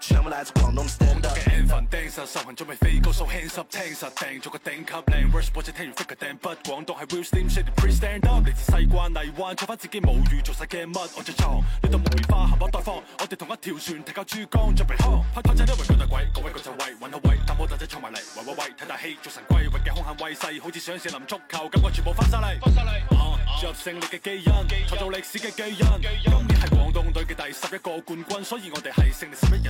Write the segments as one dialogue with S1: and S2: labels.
S1: 全部來自廣東的 stand up。廣
S2: 東嘅 N 紀 dance 受訓準備飛高手，手 hands up，聽實彈，做個頂級靚。Watch boys 聽完 fit 個頂，不廣東係 real steam，shake the brass stand up。嚟自西關荔灣，翻自己母語，做晒乜我最強。呢度木棉花含苞待放，我哋同一條船，提珠江，準備仔都各位各位喂，搵好位，睇大戲，做神龜，域嘅威勢，好似上士林足球，今全部翻晒嚟，翻晒嚟。勝利嘅基因，創造歷史嘅基因。今年係廣東隊嘅第十一個冠軍，所以我哋係勝利十一人。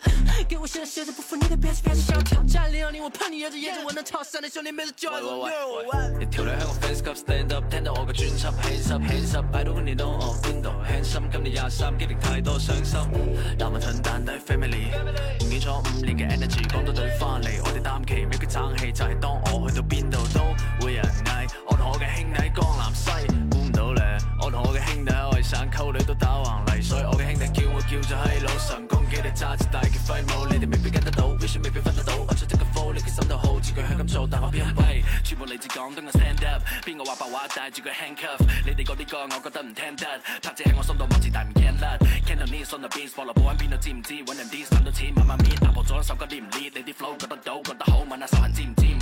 S1: 給我寫的寫的不服你的 Bias Bias 想要挑戰零零零，我怕你噎着噎着，我能超三的兄弟沒是 joy。
S2: 你跳來喺我 fans club Stand up，聽到我嘅專輯羨慕羨慕 Hands up Hands up I don't need know 我邊度 Hands up。今年廿三，經歷太多傷心，難文親兄弟 Family。唔見咗五年嘅 energy，廣東隊翻嚟，我哋擔旗，未必爭氣就係當我去到邊度都會有人嗌，我同我嘅兄弟江南西。我同我嘅兄弟喺外省溝女都打橫嚟，所以我嘅兄弟叫我叫做閪佬神幾，公喜你揸住大嘅廢舞，你哋未必跟得到，wish 未必分得到。
S1: 我出得個 flow，你嘅心都好，似佢香咁做，大我邊、hey, 全部嚟自廣東，嘅 stand up，邊個話白話帶住佢 handcuff？你哋嗰啲歌我覺得唔聽得，他只喺我心度，麥前，但唔 c a n Cantonese 放 o u t 邊度知唔知？搵人 d e 賺到錢，慢慢 meet，打破咗手筋，你唔你啲 flow 覺得到，覺得好，問下傻人知唔知？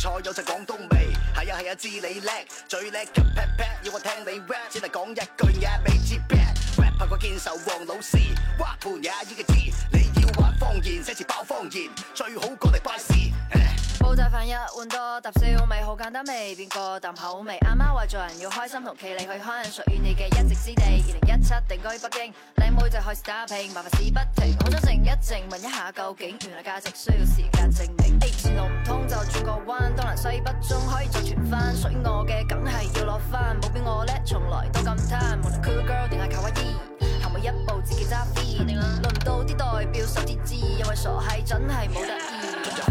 S1: 菜有隻廣東味，啊，係啊係啊知你叻，最叻及劈劈。要我聽你 rap，只能講一句嘢：未接板，rap 怕過堅仇王老師，挖盤也依個字。你要玩方言寫字包方言，最好過嚟巴士。
S2: 換多搭燒味，好簡單味，變個淡口味。阿媽話做人要開心同企理，可以開墾屬於你嘅一席之地。二零一七定居北京，靚妹就開始打拼，麻煩事不停。我想靜一靜，問一下究竟，原來價值需要時間證明。線路唔通就轉個彎，東南西北中可以再轉翻。屬於我嘅梗係要攞翻，冇比我叻，從來都咁貪。無論 cool girl 定係卡哇伊，行每一步自己揸飛。輪到啲代表識節制，又係傻係，真係冇得。